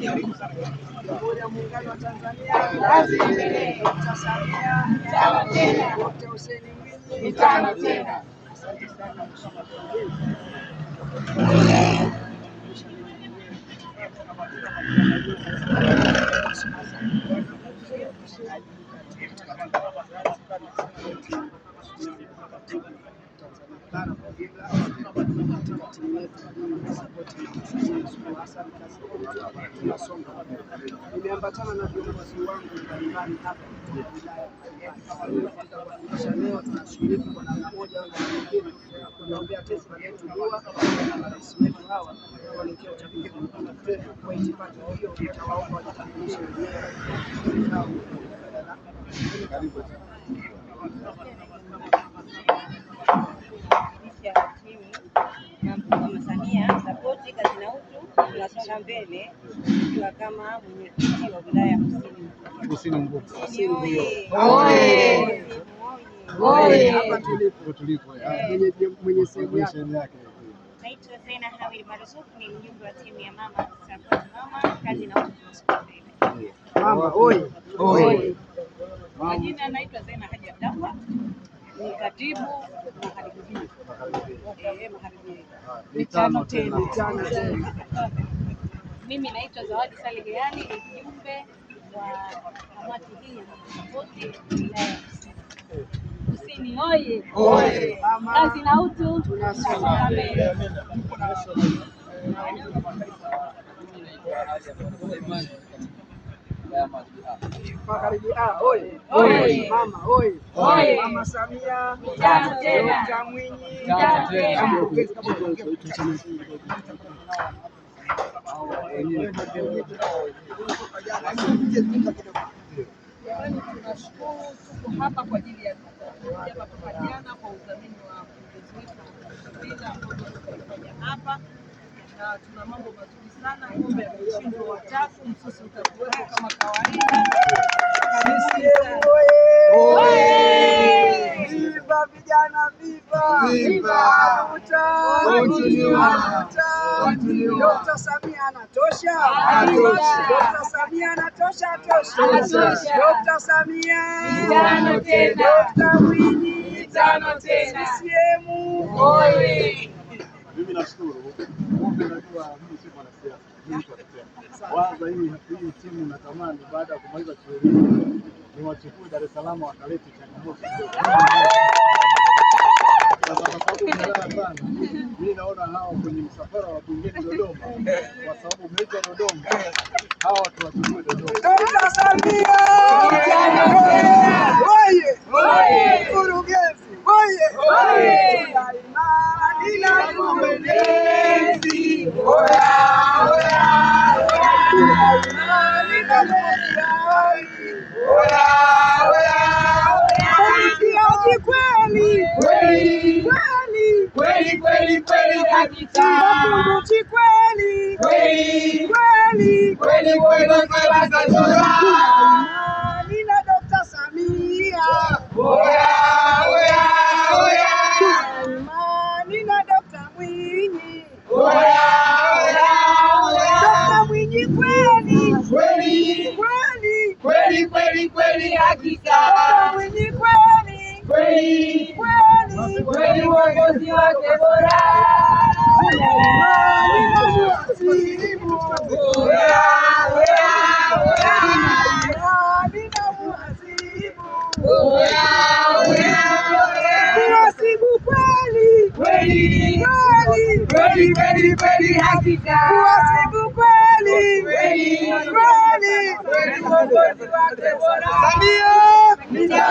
Jamhuri ya Muungano wa Tanzania Dkt Samia Dkt Hussein Mwinyi mitano tena. Asante sana mheshimiwa. Nimeambatana na viongozi wangu mbalimbali hapa katika kuhakikisha leo tunashiriki kwa namna moja au nyingine kunaombea taifa letu dua na marais wetu hawa kuelekea uchaguzi mkuu. itifaki hiyo, nitawaomba wajitambulishe wenyewe kuimarisha timu na kuhamasisha sapoti, kazi na utu. Tunasonga mbele ukiwa kama mwenyekiti wa wilaya ya Kusini Mgumu sehemu yake. Naitwa Zena Hawil Marzuku, ni mjumbe wa timu ya mama sapoti, mama kazi na utu. Tunasonga mbele mama. Oi, oi. Majina naitwa Zena Haji Abdalla ni katibu eh, magharibi magharibi mitano tena. Mimi naitwa Zawadi Salegeani, ni mjumbe wa kamati hii ya Magufuli Kusini. Oye, kazi na utu. Magharibi ah, oye! Mama oye! Mama Samia Dokta Mwinyi. Tunashukuru, tuko hapa kwa ajili ya na tuna mambo mazuri sana. Kombe la ushindi wa tatu, msusi utakuwepo kama kawaida. Viva vijana, viva Dokta Samia anatosha, Dokta Samia anatosha, tosha. Dokta Samia, Dokta Mwinyi, CCM mimi nashukuru wote, najua mimi si mwanasiasa, kwanza hii hii timu natamani baada ya kumaliza chuo ni wachukue Dar es Salaam wakalete changamoto Mimi naona hawa kwenye msafara wa bungeni Dodoma, kwa sababu meja Dodoma, hawa watu wachukue Dodoma. Dkt. Samia mkurugenzi kweli kweli kweli Kweli hakika, mwenye kweli kweli kweli kweli, kweli kuwasibu kweli ¡Samia!